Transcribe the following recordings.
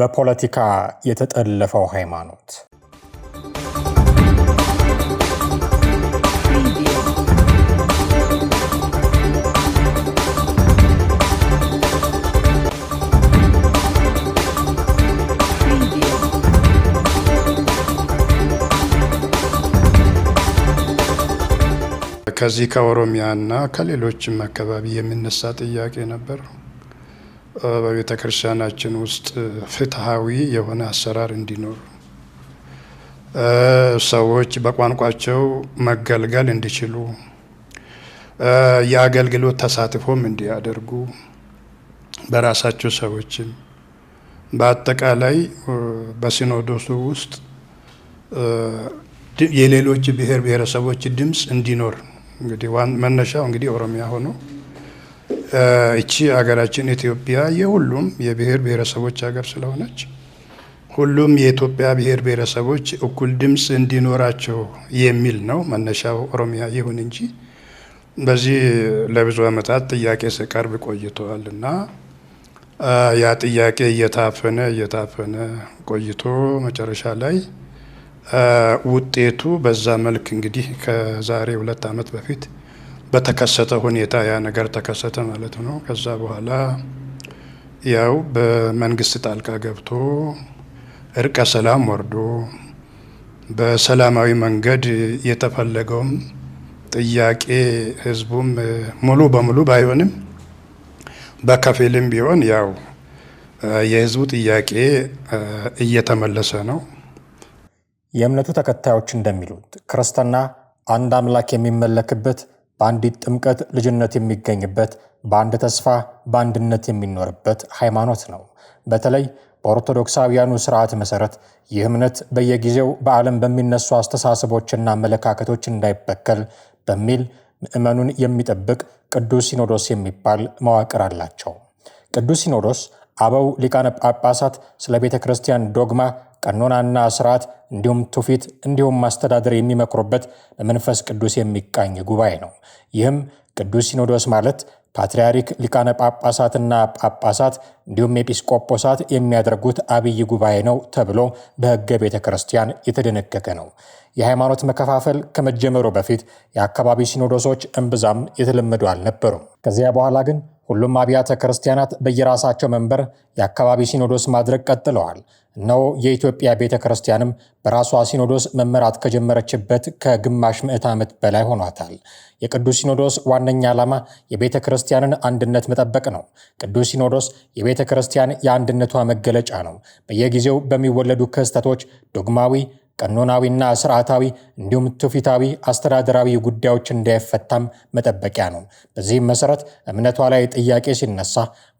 በፖለቲካ የተጠለፈው ሃይማኖት ከዚህ ከኦሮሚያ እና ከሌሎችም አካባቢ የሚነሳ ጥያቄ ነበር። በቤተ ክርስቲያናችን ውስጥ ፍትሐዊ የሆነ አሰራር እንዲኖር ሰዎች በቋንቋቸው መገልገል እንዲችሉ የአገልግሎት ተሳትፎም እንዲያደርጉ በራሳቸው ሰዎችም በአጠቃላይ በሲኖዶሱ ውስጥ የሌሎች ብሔር ብሔረሰቦች ድምፅ እንዲኖር እንግዲህ መነሻው እንግዲህ ኦሮሚያ ሆኖ እቺ ሀገራችን ኢትዮጵያ የሁሉም የብሔር ብሔረሰቦች ሀገር ስለሆነች ሁሉም የኢትዮጵያ ብሔር ብሔረሰቦች እኩል ድምፅ እንዲኖራቸው የሚል ነው መነሻው ኦሮሚያ ይሁን እንጂ በዚህ ለብዙ ዓመታት ጥያቄ ስቀርብ ቆይተዋል እና ያ ጥያቄ እየታፈነ እየታፈነ ቆይቶ መጨረሻ ላይ ውጤቱ በዛ መልክ እንግዲህ ከዛሬ ሁለት ዓመት በፊት በተከሰተ ሁኔታ ያ ነገር ተከሰተ ማለት ነው። ከዛ በኋላ ያው በመንግስት ጣልቃ ገብቶ እርቀ ሰላም ወርዶ በሰላማዊ መንገድ የተፈለገውም ጥያቄ ህዝቡም ሙሉ በሙሉ ባይሆንም በከፊልም ቢሆን ያው የህዝቡ ጥያቄ እየተመለሰ ነው። የእምነቱ ተከታዮች እንደሚሉት ክርስትና አንድ አምላክ የሚመለክበት በአንዲት ጥምቀት ልጅነት የሚገኝበት፣ በአንድ ተስፋ በአንድነት የሚኖርበት ሃይማኖት ነው። በተለይ በኦርቶዶክሳውያኑ ስርዓት መሰረት ይህ እምነት በየጊዜው በዓለም በሚነሱ አስተሳሰቦችና አመለካከቶች እንዳይበከል በሚል ምዕመኑን የሚጠብቅ ቅዱስ ሲኖዶስ የሚባል መዋቅር አላቸው። ቅዱስ ሲኖዶስ አበው ሊቃነ ጳጳሳት ስለ ቤተ ክርስቲያን ዶግማ ቀኖናና ስርዓት እንዲሁም ትውፊት እንዲሁም ማስተዳደር የሚመክሩበት በመንፈስ ቅዱስ የሚቃኝ ጉባኤ ነው። ይህም ቅዱስ ሲኖዶስ ማለት ፓትርያርክ፣ ሊቃነ ጳጳሳትና ጳጳሳት እንዲሁም ኤጲስቆጶሳት የሚያደርጉት አብይ ጉባኤ ነው ተብሎ በሕገ ቤተ ክርስቲያን የተደነገገ ነው። የሃይማኖት መከፋፈል ከመጀመሩ በፊት የአካባቢ ሲኖዶሶች እምብዛም የተለመዱ አልነበሩም። ከዚያ በኋላ ግን ሁሉም አብያተ ክርስቲያናት በየራሳቸው መንበር የአካባቢ ሲኖዶስ ማድረግ ቀጥለዋል። እነሆ የኢትዮጵያ ቤተ ክርስቲያንም በራሷ ሲኖዶስ መመራት ከጀመረችበት ከግማሽ ምዕት ዓመት በላይ ሆኗታል። የቅዱስ ሲኖዶስ ዋነኛ ዓላማ የቤተ ክርስቲያንን አንድነት መጠበቅ ነው። ቅዱስ ሲኖዶስ የቤተ ክርስቲያን የአንድነቷ መገለጫ ነው። በየጊዜው በሚወለዱ ክስተቶች ዶግማዊ ቀኖናዊና ስርዓታዊ እንዲሁም ትውፊታዊ አስተዳደራዊ ጉዳዮች እንዳይፈታም መጠበቂያ ነው። በዚህም መሰረት እምነቷ ላይ ጥያቄ ሲነሳ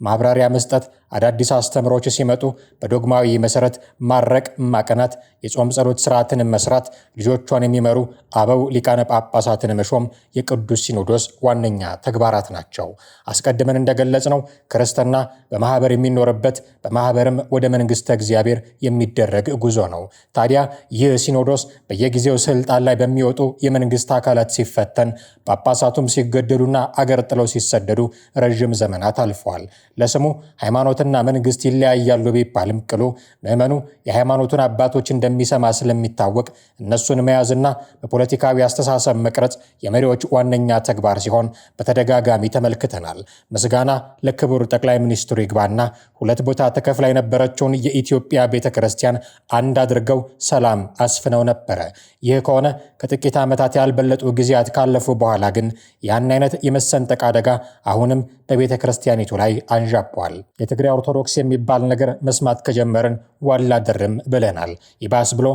ማብራሪያ መስጠት አዳዲስ አስተምሮች ሲመጡ በዶግማዊ መሰረት ማረቅ፣ ማቀናት፣ የጾም ጸሎት ስርዓትን መስራት፣ ልጆቿን የሚመሩ አበው ሊቃነ ጳጳሳትን መሾም የቅዱስ ሲኖዶስ ዋነኛ ተግባራት ናቸው። አስቀድመን እንደገለጽ ነው ክርስትና በማህበር የሚኖርበት በማህበርም ወደ መንግስተ እግዚአብሔር የሚደረግ ጉዞ ነው። ታዲያ ይህ ሲኖዶስ በየጊዜው ስልጣን ላይ በሚወጡ የመንግስት አካላት ሲፈተን፣ ጳጳሳቱም ሲገደሉና አገር ጥለው ሲሰደዱ ረዥም ዘመናት አልፈዋል። ለስሙ ሃይማኖት ሃይማኖትና መንግስት ይለያያሉ ቢባልም ቅሉ ምዕመኑ የሃይማኖቱን አባቶች እንደሚሰማ ስለሚታወቅ እነሱን መያዝና በፖለቲካዊ አስተሳሰብ መቅረጽ የመሪዎች ዋነኛ ተግባር ሲሆን በተደጋጋሚ ተመልክተናል። ምስጋና ለክቡር ጠቅላይ ሚኒስትሩ ይግባና ሁለት ቦታ ተከፍላ የነበረችውን የኢትዮጵያ ቤተ ክርስቲያን አንድ አድርገው ሰላም አስፍነው ነበረ። ይህ ከሆነ ከጥቂት ዓመታት ያልበለጡ ጊዜያት ካለፉ በኋላ ግን ያን አይነት የመሰንጠቅ አደጋ አሁንም በቤተ ክርስቲያኒቱ ላይ አንዣቧል። ኦርቶዶክስ የሚባል ነገር መስማት ከጀመርን ዋላ ብለናል። ይባስ ብሎ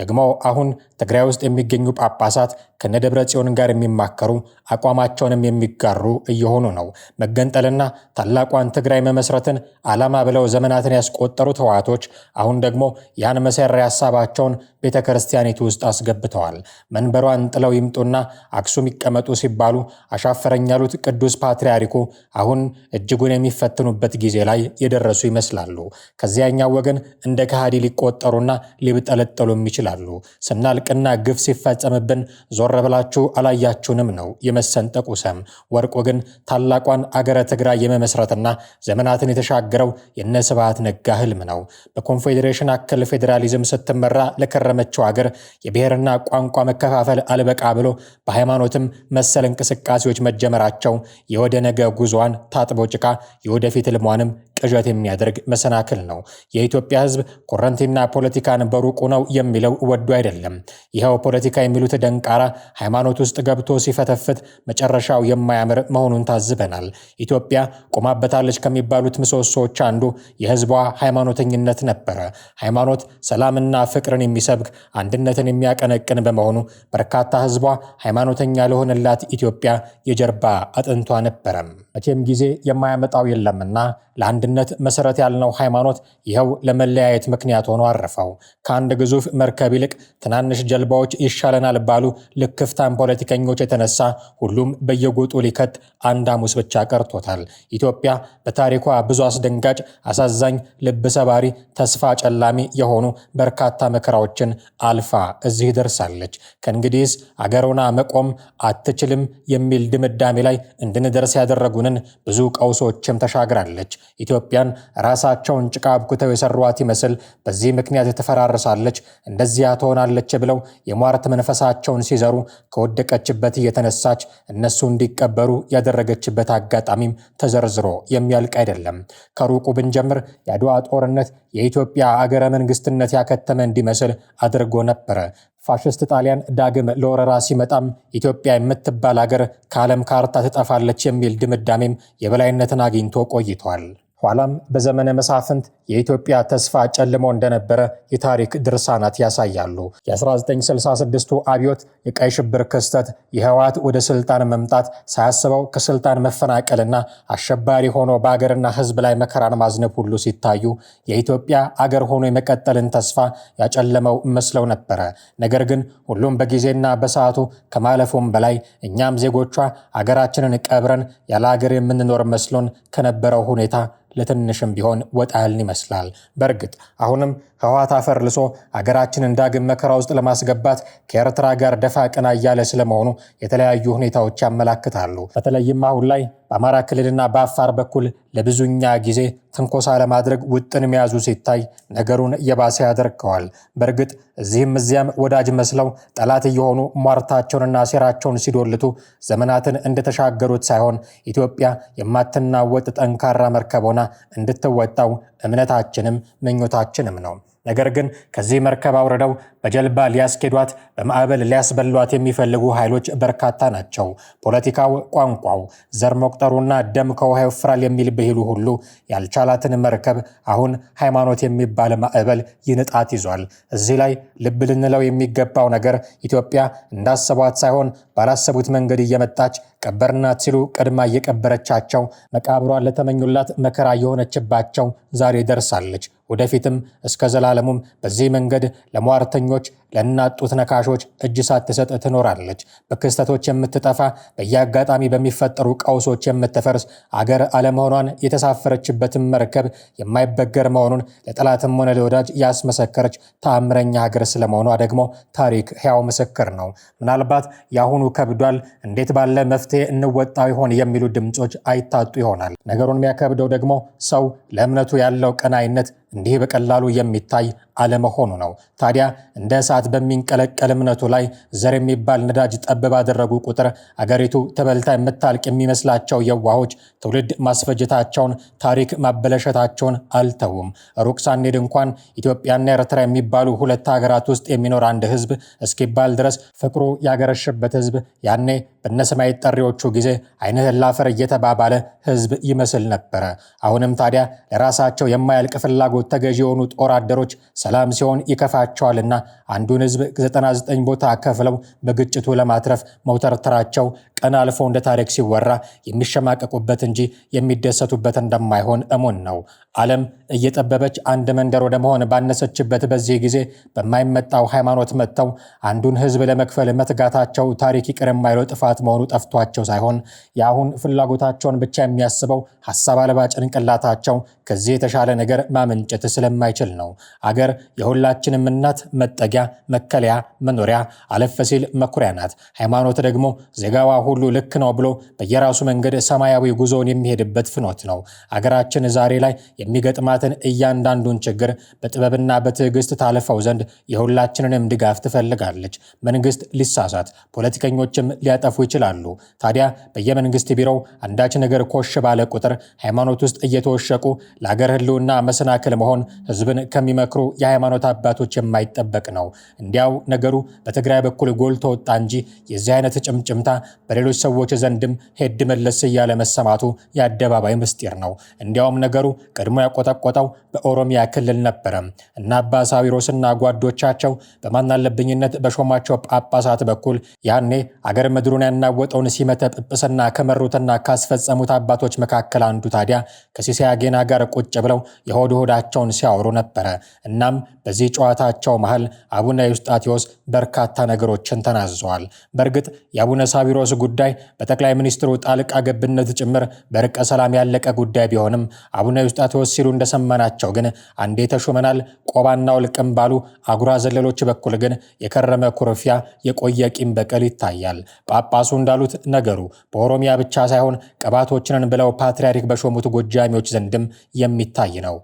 ደግሞ አሁን ትግራይ ውስጥ የሚገኙ ጳጳሳት ከነደብረ ጽዮን ጋር የሚማከሩ አቋማቸውንም የሚጋሩ እየሆኑ ነው። መገንጠልና ታላቋን ትግራይ መመስረትን ዓላማ ብለው ዘመናትን ያስቆጠሩ ህወሓቶች አሁን ደግሞ ያን መሰሪ ሀሳባቸውን ቤተ ክርስቲያኒቱ ውስጥ አስገብተዋል። መንበሯን ጥለው ይምጡና አክሱም ይቀመጡ ሲባሉ አሻፈረኝ ያሉት ቅዱስ ፓትርያርኩ አሁን እጅጉን የሚፈትኑበት ጊዜ ላይ የደረሱ ይመስላሉ። ከዚያኛው ወገን እንደ ከሃዲ ሊቆጠሩና ሊብጠለጠሉ የሚችል ይችላሉ። ስናልቅና ግፍ ሲፈጸምብን ዞር ብላችሁ አላያችሁንም ነው የመሰንጠቁ ሰም። ወርቁ ግን ታላቋን አገረ ትግራይ የመመስረትና ዘመናትን የተሻገረው የነ ስብሐት ነጋ ህልም ነው። በኮንፌዴሬሽን አክል ፌዴራሊዝም ስትመራ ለከረመችው አገር የብሔርና ቋንቋ መከፋፈል አልበቃ ብሎ በሃይማኖትም መሰል እንቅስቃሴዎች መጀመራቸው የወደ ነገ ጉዞዋን ታጥቦ ጭቃ የወደፊት ህልሟንም ቅዠት የሚያደርግ መሰናክል ነው። የኢትዮጵያ ሕዝብ ኮረንቲና ፖለቲካን በሩቁ ነው የሚለው ወዱ አይደለም። ይኸው ፖለቲካ የሚሉት ደንቃራ ሃይማኖት ውስጥ ገብቶ ሲፈተፍት መጨረሻው የማያምር መሆኑን ታዝበናል። ኢትዮጵያ ቆማበታለች ከሚባሉት ምሰሶዎች አንዱ የሕዝቧ ሃይማኖተኝነት ነበረ። ሃይማኖት ሰላምና ፍቅርን የሚሰብክ አንድነትን የሚያቀነቅን በመሆኑ በርካታ ሕዝቧ ሃይማኖተኛ ለሆነላት ኢትዮጵያ የጀርባ አጥንቷ ነበረም። መቼም ጊዜ የማያመጣው የለምና ለአንድነት መሰረት ያልነው ሃይማኖት ይኸው ለመለያየት ምክንያት ሆኖ አረፈው። ከአንድ ግዙፍ መርከብ ይልቅ ትናንሽ ጀልባዎች ይሻለናል ባሉ ልክፍታን ፖለቲከኞች የተነሳ ሁሉም በየጎጡ ሊከት አንድ አሙስ ብቻ ቀርቶታል። ኢትዮጵያ በታሪኳ ብዙ አስደንጋጭ፣ አሳዛኝ፣ ልብ ሰባሪ፣ ተስፋ ጨላሚ የሆኑ በርካታ መከራዎችን አልፋ እዚህ ደርሳለች። ከእንግዲህስ አገሮና መቆም አትችልም የሚል ድምዳሜ ላይ እንድንደርስ ያደረጉንን ብዙ ቀውሶችም ተሻግራለች። ኢትዮጵያን ራሳቸውን ጭቃ አብኩተው የሰሯት ይመስል በዚህ ምክንያት ትፈራርሳለች እንደዚያ ትሆናለች ብለው የሟርት መንፈሳቸውን ሲዘሩ ከወደቀችበት እየተነሳች እነሱ እንዲቀበሩ ያደረገችበት አጋጣሚም ተዘርዝሮ የሚያልቅ አይደለም። ከሩቁ ብንጀምር የአድዋ ጦርነት የኢትዮጵያ አገረ መንግስትነት ያከተመ እንዲመስል አድርጎ ነበረ። ፋሽስት ጣሊያን ዳግም ለወረራ ሲመጣም ኢትዮጵያ የምትባል አገር ከዓለም ካርታ ትጠፋለች የሚል ድምዳሜም የበላይነትን አግኝቶ ቆይቷል። ኋላም በዘመነ መሳፍንት የኢትዮጵያ ተስፋ ጨልሞ እንደነበረ የታሪክ ድርሳናት ያሳያሉ። የ1966ቱ አብዮት፣ የቀይ ሽብር ክስተት፣ የህወሓት ወደ ስልጣን መምጣት ሳያስበው ከስልጣን መፈናቀልና አሸባሪ ሆኖ በአገርና ህዝብ ላይ መከራን ማዝነብ ሁሉ ሲታዩ የኢትዮጵያ አገር ሆኖ የመቀጠልን ተስፋ ያጨለመው መስለው ነበረ። ነገር ግን ሁሉም በጊዜና በሰዓቱ ከማለፉም በላይ እኛም ዜጎቿ አገራችንን ቀብረን ያለ አገር የምንኖር መስሎን ከነበረው ሁኔታ ለትንሽም ቢሆን ወጣ ያልን ይመስላል። በእርግጥ አሁንም ህወሓት አፈርልሶ አገራችንን ዳግም መከራ ውስጥ ለማስገባት ከኤርትራ ጋር ደፋ ቀና እያለ ስለመሆኑ የተለያዩ ሁኔታዎች ያመላክታሉ። በተለይም አሁን ላይ በአማራ ክልልና በአፋር በኩል ለብዙኛ ጊዜ ትንኮሳ ለማድረግ ውጥን መያዙ ሲታይ ነገሩን የባሰ ያደርገዋል። በእርግጥ እዚህም እዚያም ወዳጅ መስለው ጠላት እየሆኑ ሟርታቸውንና ሴራቸውን ሲዶልቱ ዘመናትን እንደተሻገሩት ሳይሆን ኢትዮጵያ የማትናወጥ ጠንካራ መርከብ ሆና እንድትወጣው እምነታችንም ምኞታችንም ነው። ነገር ግን ከዚህ መርከብ አውርደው በጀልባ ሊያስኬዷት በማዕበል ሊያስበሏት የሚፈልጉ ኃይሎች በርካታ ናቸው። ፖለቲካው፣ ቋንቋው፣ ዘር መቁጠሩና ደም ከውሃ ይወፍራል የሚል ብሂሉ ሁሉ ያልቻላትን መርከብ አሁን ሃይማኖት የሚባል ማዕበል ይንጣት ይዟል። እዚህ ላይ ልብ ልንለው የሚገባው ነገር ኢትዮጵያ እንዳሰቧት ሳይሆን ባላሰቡት መንገድ እየመጣች ቀበርናት ሲሉ ቀድማ እየቀበረቻቸው መቃብሯን ለተመኙላት መከራ የሆነችባቸው ዛሬ ደርሳለች። ወደፊትም እስከ ዘላለሙም በዚህ መንገድ ለሟርተኞች ለናጡት ነካሾች እጅ ሳትሰጥ ትኖራለች። በክስተቶች የምትጠፋ በየአጋጣሚ በሚፈጠሩ ቀውሶች የምትፈርስ አገር አለመሆኗን የተሳፈረችበትን መርከብ የማይበገር መሆኑን ለጠላትም ሆነ ለወዳጅ ያስመሰከረች ተአምረኛ ሀገር ስለመሆኗ ደግሞ ታሪክ ሕያው ምስክር ነው። ምናልባት የአሁኑ ከብዷል፣ እንዴት ባለ መፍትሄ እንወጣው ይሆን የሚሉ ድምፆች አይታጡ ይሆናል። ነገሩን የሚያከብደው ደግሞ ሰው ለእምነቱ ያለው ቀናይነት እንዲህ በቀላሉ የሚታይ አለመሆኑ ነው። ታዲያ እንደ እሳት ሰዓት በሚንቀለቀል እምነቱ ላይ ዘር የሚባል ነዳጅ ጠብ ባደረጉ ቁጥር አገሪቱ ተበልታ የምታልቅ የሚመስላቸው የዋሆች ትውልድ ማስፈጀታቸውን፣ ታሪክ ማበለሸታቸውን አልተውም። ሩቅ ሳንሄድ እንኳን ኢትዮጵያና ኤርትራ የሚባሉ ሁለት ሀገራት ውስጥ የሚኖር አንድ ህዝብ እስኪባል ድረስ ፍቅሩ ያገረሸበት ህዝብ ያኔ በነሰማይ ጠሪዎቹ ጊዜ አይነ ላፈር እየተባባለ ህዝብ ይመስል ነበረ። አሁንም ታዲያ ለራሳቸው የማያልቅ ፍላጎት ተገዢ የሆኑ ጦር አደሮች ሰላም ሲሆን ይከፋቸዋልና አንዱን ህዝብ 99 ቦታ ከፍለው በግጭቱ ለማትረፍ መውተርተራቸው ቀን አልፎ እንደ ታሪክ ሲወራ የሚሸማቀቁበት እንጂ የሚደሰቱበት እንደማይሆን እሙን ነው። ዓለም እየጠበበች አንድ መንደር ወደ መሆን ባነሰችበት በዚህ ጊዜ በማይመጣው ሃይማኖት መጥተው አንዱን ሕዝብ ለመክፈል መትጋታቸው ታሪክ ይቅር የማይለው ጥፋት መሆኑ ጠፍቷቸው ሳይሆን የአሁን ፍላጎታቸውን ብቻ የሚያስበው ሀሳብ አልባ ጭንቅላታቸው ከዚህ የተሻለ ነገር ማመንጨት ስለማይችል ነው። አገር የሁላችንም እናት፣ መጠጊያ፣ መከለያ፣ መኖሪያ አለፈ ሲል መኩሪያ ናት። ሃይማኖት ደግሞ ዜጋዋ ሁሉ ልክ ነው ብሎ በየራሱ መንገድ ሰማያዊ ጉዞውን የሚሄድበት ፍኖት ነው። አገራችን ዛሬ ላይ የሚገጥማትን እያንዳንዱን ችግር በጥበብና በትዕግስት ታልፈው ዘንድ የሁላችንንም ድጋፍ ትፈልጋለች። መንግስት ሊሳሳት፣ ፖለቲከኞችም ሊያጠፉ ይችላሉ። ታዲያ በየመንግስት ቢሮው አንዳች ነገር ኮሽ ባለ ቁጥር በመፍጠር ሃይማኖት ውስጥ እየተወሸቁ ለአገር ህልውና መሰናክል መሆን ህዝብን ከሚመክሩ የሃይማኖት አባቶች የማይጠበቅ ነው። እንዲያው ነገሩ በትግራይ በኩል ጎልቶ ወጣ እንጂ የዚህ አይነት ጭምጭምታ በሌሎች ሰዎች ዘንድም ሄድ መለስ እያለ መሰማቱ የአደባባይ ምስጢር ነው። እንዲያውም ነገሩ ቀድሞ ያቆጠቆጠው በኦሮሚያ ክልል ነበረ እና አባ ሳዊሮስና ጓዶቻቸው በማናለብኝነት በሾማቸው ጳጳሳት በኩል ያኔ አገር ምድሩን ያናወጠውን ሲመተ ጵጵስና ከመሩትና ካስፈጸሙት አባቶች መካከል መካከል አንዱ ታዲያ ከሲሳይ አጌና ጋር ቁጭ ብለው የሆድ ሆዳቸውን ሲያወሩ ነበረ። እናም በዚህ ጨዋታቸው መሃል አቡነ ዩስጣቴዎስ በርካታ ነገሮችን ተናዝዘዋል። በእርግጥ የአቡነ ሳቢሮስ ጉዳይ በጠቅላይ ሚኒስትሩ ጣልቃ ገብነት ጭምር በርቀ ሰላም ያለቀ ጉዳይ ቢሆንም አቡነ ዩስጣቴዎስ ሲሉ እንደሰማናቸው ግን አንዴ ተሾመናል ቆባና ውልቅም ባሉ አጉራ ዘለሎች በኩል ግን የከረመ ኩርፊያ፣ የቆየ ቂም በቀል ይታያል። ጳጳሱ እንዳሉት ነገሩ በኦሮሚያ ብቻ ሳይሆን ቅባቶችንን ብለው ፓትሪያ ታሪክ በሾሙት ጎጃሚዎች ዘንድም የሚታይ ነው።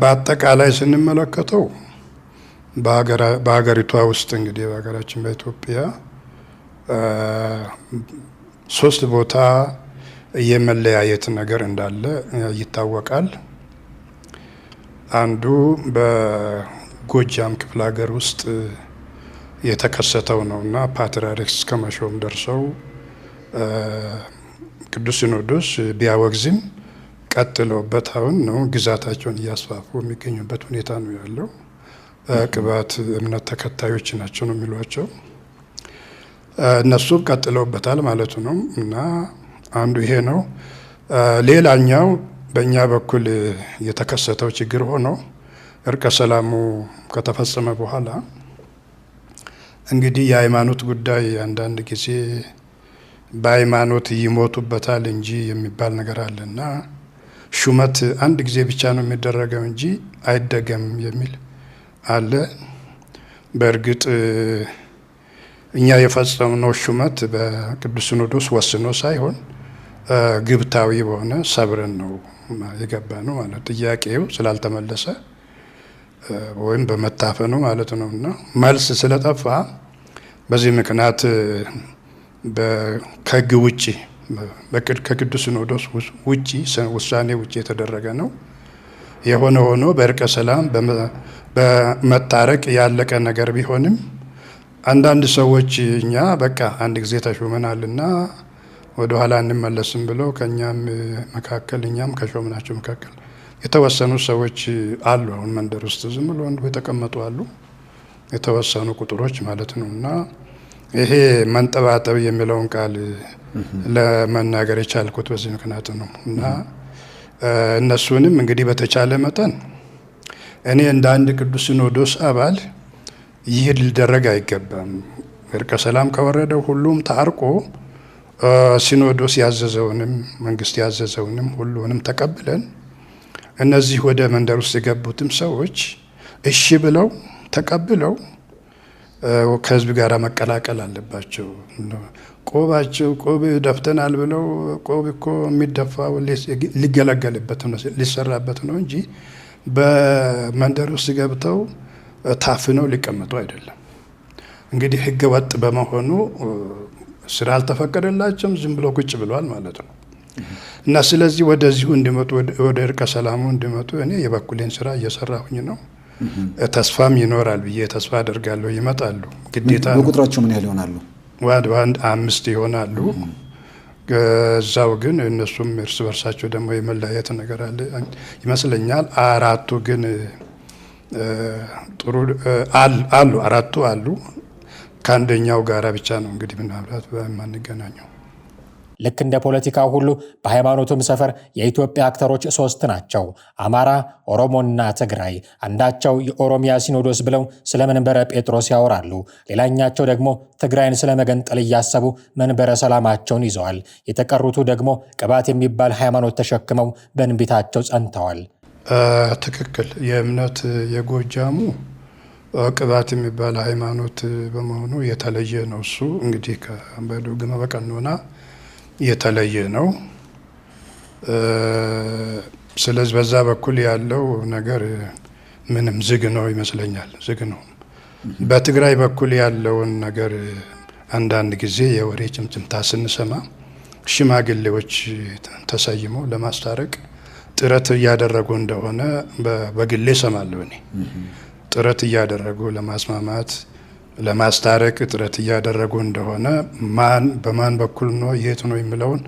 በአጠቃላይ ስንመለከተው በሀገሪቷ ውስጥ እንግዲህ በሀገራችን በኢትዮጵያ ሶስት ቦታ የመለያየት ነገር እንዳለ ይታወቃል። አንዱ በጎጃም ክፍለ ሀገር ውስጥ የተከሰተው ነው እና ፓትርያርክ እስከ መሾም ደርሰው ቅዱስ ሲኖዶስ ቢያወግዝም ቀጥለውበት አሁን ነው ግዛታቸውን እያስፋፉ የሚገኙበት ሁኔታ ነው ያለው። ቅባት እምነት ተከታዮች ናቸው ነው የሚሏቸው። እነሱ ቀጥለውበታል ማለቱ ነው እና አንዱ ይሄ ነው። ሌላኛው በእኛ በኩል የተከሰተው ችግር ሆኖ እርቀ ሰላሙ ከተፈጸመ በኋላ እንግዲህ የሃይማኖት ጉዳይ አንዳንድ ጊዜ በሃይማኖት ይሞቱበታል እንጂ የሚባል ነገር አለና ሹመት አንድ ጊዜ ብቻ ነው የሚደረገው እንጂ አይደገም የሚል አለ። በእርግጥ እኛ የፈጸምነው ሹመት በቅዱስ ሲኖዶስ ወስኖ ሳይሆን ግብታዊ በሆነ ሰብረን ነው የገባ ነው ማለት ጥያቄው ስላልተመለሰ ወይም በመታፈኑ ማለት ነው እና መልስ ስለጠፋ በዚህ ምክንያት ከህግ ውጭ ከቅዱስ ሲኖዶስ ውጭ ውሳኔ ውጭ የተደረገ ነው። የሆነ ሆኖ በእርቀ ሰላም በመታረቅ ያለቀ ነገር ቢሆንም አንዳንድ ሰዎች እኛ በቃ አንድ ጊዜ ተሾመናልና ወደ ኋላ እንመለስም ብለው ከእኛም መካከል እኛም ከሾምናቸው መካከል የተወሰኑ ሰዎች አሉ። አሁን መንደር ውስጥ ዝም ብሎ የተቀመጡ አሉ። የተወሰኑ ቁጥሮች ማለት ነው እና ይሄ መንጠባጠብ የሚለውን ቃል ለመናገር የቻልኩት በዚህ ምክንያት ነው እና እነሱንም እንግዲህ በተቻለ መጠን እኔ እንደ አንድ ቅዱስ ሲኖዶስ አባል ይህ ሊደረግ አይገባም። እርቀ ሰላም ከወረደ ሁሉም ታርቆ ሲኖዶስ ያዘዘውንም መንግስት ያዘዘውንም ሁሉንም ተቀብለን እነዚህ ወደ መንደር ውስጥ የገቡትም ሰዎች እሺ ብለው ተቀብለው ከህዝብ ጋር መቀላቀል አለባቸው። ቆባቸው ቆብ ደፍተናል ብለው ቆብ እኮ የሚደፋው ሊገለገልበት ነው ሊሰራበት ነው እንጂ በመንደር ውስጥ ገብተው ታፍነው ሊቀመጡ አይደለም። እንግዲህ ህገ ወጥ በመሆኑ ስራ አልተፈቀደላቸውም። ዝም ብሎ ቁጭ ብለዋል ማለት ነው። እና ስለዚህ ወደዚሁ እንዲመጡ ወደ እርቀ ሰላሙ እንዲመጡ እኔ የበኩሌን ስራ እየሰራሁኝ ነው። ተስፋም ይኖራል ብዬ ተስፋ አደርጋለሁ። ይመጣሉ ግዴታ። በቁጥራቸው ምን ያህል ይሆናሉ? ዋድ ዋንድ አምስት ይሆናሉ። ከዛው ግን እነሱም እርስ በርሳቸው ደግሞ የመለያየት ነገር አለ ይመስለኛል። አራቱ ግን ጥሩ አሉ፣ አራቱ አሉ። ከአንደኛው ጋራ ብቻ ነው እንግዲህ ምናልባት የማንገናኘው። ልክ እንደ ፖለቲካ ሁሉ በሃይማኖቱም ሰፈር የኢትዮጵያ አክተሮች ሶስት ናቸው፣ አማራ፣ ኦሮሞና ትግራይ። አንዳቸው የኦሮሚያ ሲኖዶስ ብለው ስለ መንበረ ጴጥሮስ ያወራሉ፣ ሌላኛቸው ደግሞ ትግራይን ስለ መገንጠል እያሰቡ መንበረ ሰላማቸውን ይዘዋል። የተቀሩቱ ደግሞ ቅባት የሚባል ሃይማኖት ተሸክመው በእንቢታቸው ጸንተዋል። ትክክል። የእምነት የጎጃሙ ቅባት የሚባል ሃይማኖት በመሆኑ የተለየ ነው። እሱ እንግዲህ ከበዱ ግመ የተለየ ነው። ስለዚህ በዛ በኩል ያለው ነገር ምንም ዝግ ነው ይመስለኛል፣ ዝግ ነው። በትግራይ በኩል ያለውን ነገር አንዳንድ ጊዜ የወሬ ጭምጭምታ ስንሰማ ሽማግሌዎች ተሰይመው ለማስታረቅ ጥረት እያደረጉ እንደሆነ በግሌ ሰማለሁ። እኔ ጥረት እያደረጉ ለማስማማት ለማስታረቅ ጥረት እያደረጉ እንደሆነ ማን በማን በኩል ነው የት ነው የሚለውን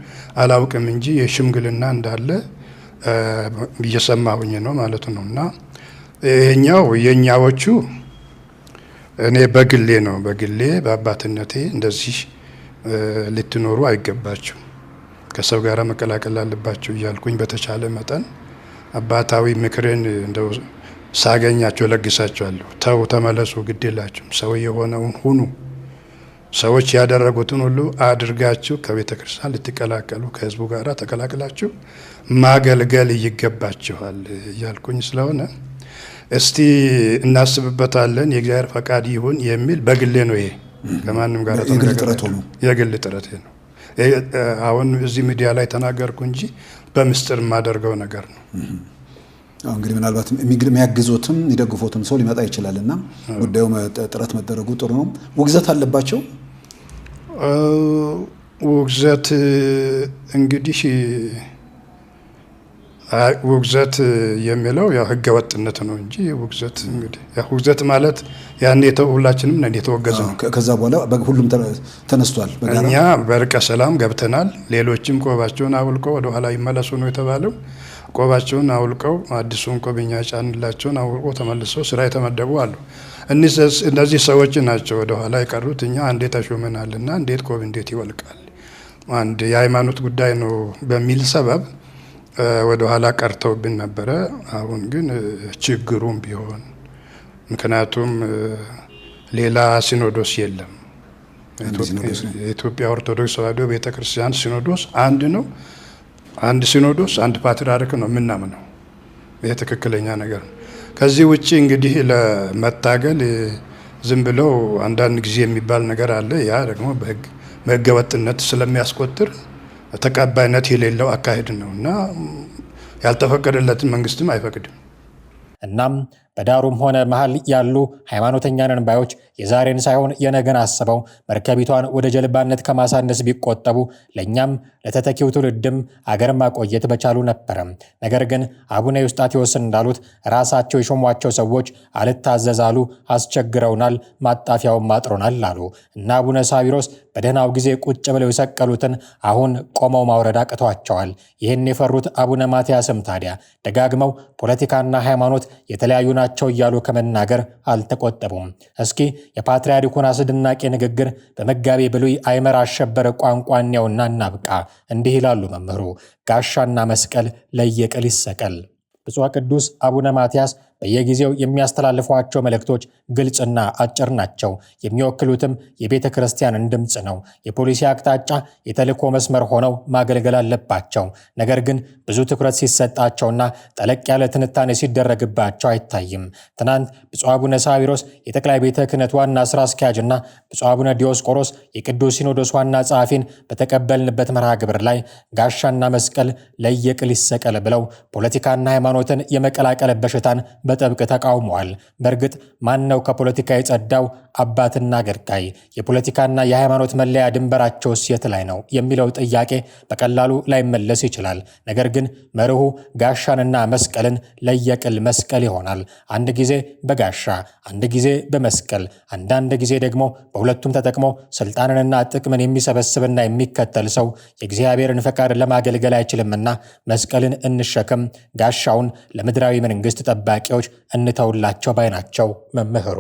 አላውቅም እንጂ የሽምግልና እንዳለ እየሰማሁኝ ነው ማለት ነው። እና ይሄኛው የእኛዎቹ እኔ በግሌ ነው በግሌ በአባትነቴ እንደዚህ ልትኖሩ አይገባችሁ፣ ከሰው ጋር መቀላቀል አለባችሁ እያልኩኝ በተቻለ መጠን አባታዊ ምክርን እንደው ሳገኛቸው ለግሳቸዋለሁ። ተው ተመለሱ፣ ግድ የላችሁም። ሰው የሆነውን ሁኑ። ሰዎች ያደረጉትን ሁሉ አድርጋችሁ ከቤተ ክርስቲያን ልትቀላቀሉ ከህዝቡ ጋር ተቀላቅላችሁ ማገልገል ይገባችኋል እያልኩኝ ስለሆነ እስቲ እናስብበታለን። የእግዚአብሔር ፈቃድ ይሁን የሚል በግሌ ነው። ይሄ ከማንም ጋር የግል ጥረት ነው። አሁን እዚህ ሚዲያ ላይ ተናገርኩ እንጂ በምስጢር የማደርገው ነገር ነው። እንግዲህ ምናልባት የሚያግዙትም የሚደግፎትም ሰው ሊመጣ ይችላል እና ጉዳዩ ጥረት መደረጉ ጥሩ ነው። ውግዘት አለባቸው። ውግዘት እንግዲህ ውግዘት የሚለው ያው ህገ ወጥነት ነው እንጂ ውግዘት እንግዲህ ያው ውግዘት ማለት ያን ሁላችንም ነን የተወገዘ ነው። ከዛ በኋላ ሁሉም ተነስቷል። እኛ በእርቀ ሰላም ገብተናል። ሌሎችም ቆባቸውን አውልቆ ወደኋላ ይመለሱ ነው የተባለው። ቆባቸውን አውልቀው አዲሱን ቆብኛ ጫንላቸውን አውልቆ ተመልሰው ስራ የተመደቡ አሉ። እነዚህ ሰዎች ናቸው ወደኋላ የቀሩት። እኛ እንዴት ተሾመናል እና እንዴት ቆብ እንዴት ይወልቃል፣ አንድ የሃይማኖት ጉዳይ ነው በሚል ሰበብ ወደኋላ ቀርተውብን ነበረ። አሁን ግን ችግሩም ቢሆን ምክንያቱም ሌላ ሲኖዶስ የለም። የኢትዮጵያ ኦርቶዶክስ ተዋሕዶ ቤተክርስቲያን ሲኖዶስ አንድ ነው። አንድ ሲኖዶስ፣ አንድ ፓትርያርክ ነው የምናምነው። ይህ ትክክለኛ ነገር ነው። ከዚህ ውጭ እንግዲህ ለመታገል ዝም ብለው አንዳንድ ጊዜ የሚባል ነገር አለ። ያ ደግሞ በህገ ወጥነት ስለሚያስቆጥር ተቀባይነት የሌለው አካሄድ ነው እና ያልተፈቀደለትን መንግስትም አይፈቅድም። እናም በዳሩም ሆነ መሃል ያሉ ሃይማኖተኛ ነን ባዮች የዛሬን ሳይሆን የነገን አስበው መርከቢቷን ወደ ጀልባነት ከማሳነስ ቢቆጠቡ ለእኛም ለተተኪው ትውልድም አገር ማቆየት በቻሉ ነበረም። ነገር ግን አቡነ ዩስጣቴዎስ እንዳሉት ራሳቸው የሾሟቸው ሰዎች አልታዘዛሉ፣ አስቸግረውናል፣ ማጣፊያውን ማጥሮናል አሉ እና አቡነ ሳቢሮስ በደህናው ጊዜ ቁጭ ብለው የሰቀሉትን አሁን ቆመው ማውረድ አቅቷቸዋል። ይህን የፈሩት አቡነ ማትያስም ታዲያ ደጋግመው ፖለቲካና ሃይማኖት የተለያዩ ናቸው እያሉ ከመናገር አልተቆጠቡም። እስኪ የፓትርያርኩን አስደናቂ ንግግር በመጋቤ ብሉይ አይመር አሸበረ ቋንቋ እንየውና እናብቃ። እንዲህ ይላሉ መምህሩ ጋሻና መስቀል ለየቅል ይሰቀል። ብፁዕ ቅዱስ አቡነ ማትያስ በየጊዜው የሚያስተላልፏቸው መልእክቶች ግልጽና አጭር ናቸው። የሚወክሉትም የቤተ ክርስቲያንን ድምፅ ነው። የፖሊሲ አቅጣጫ፣ የተልእኮ መስመር ሆነው ማገልገል አለባቸው። ነገር ግን ብዙ ትኩረት ሲሰጣቸውና ጠለቅ ያለ ትንታኔ ሲደረግባቸው አይታይም። ትናንት ብፁዕ አቡነ ሳዊሮስ የጠቅላይ ቤተ ክህነት ዋና ስራ አስኪያጅና ብፁዕ አቡነ ዲዮስቆሮስ የቅዱስ ሲኖዶስ ዋና ጸሐፊን በተቀበልንበት መርሃ ግብር ላይ ጋሻና መስቀል ለየቅል ይሰቀል ብለው ፖለቲካና ሃይማኖትን የመቀላቀል በሽታን በጥብቅ ተቃውሟል። በእርግጥ ነው ከፖለቲካ የጸዳው አባትና ገርጋይ የፖለቲካና የሃይማኖት መለያ ድንበራቸውስ የት ላይ ነው የሚለው ጥያቄ በቀላሉ ላይመለስ ይችላል። ነገር ግን መርሁ ጋሻንና መስቀልን ለየቅል መስቀል ይሆናል። አንድ ጊዜ በጋሻ አንድ ጊዜ በመስቀል አንዳንድ ጊዜ ደግሞ በሁለቱም ተጠቅሞ ስልጣንንና ጥቅምን የሚሰበስብና የሚከተል ሰው የእግዚአብሔርን ፈቃድ ለማገልገል አይችልምና መስቀልን እንሸክም ጋሻውን ለምድራዊ መንግስት ጠባቂዎች ጉዳዮች እንተውላቸው ባይ ናቸው መምህሩ።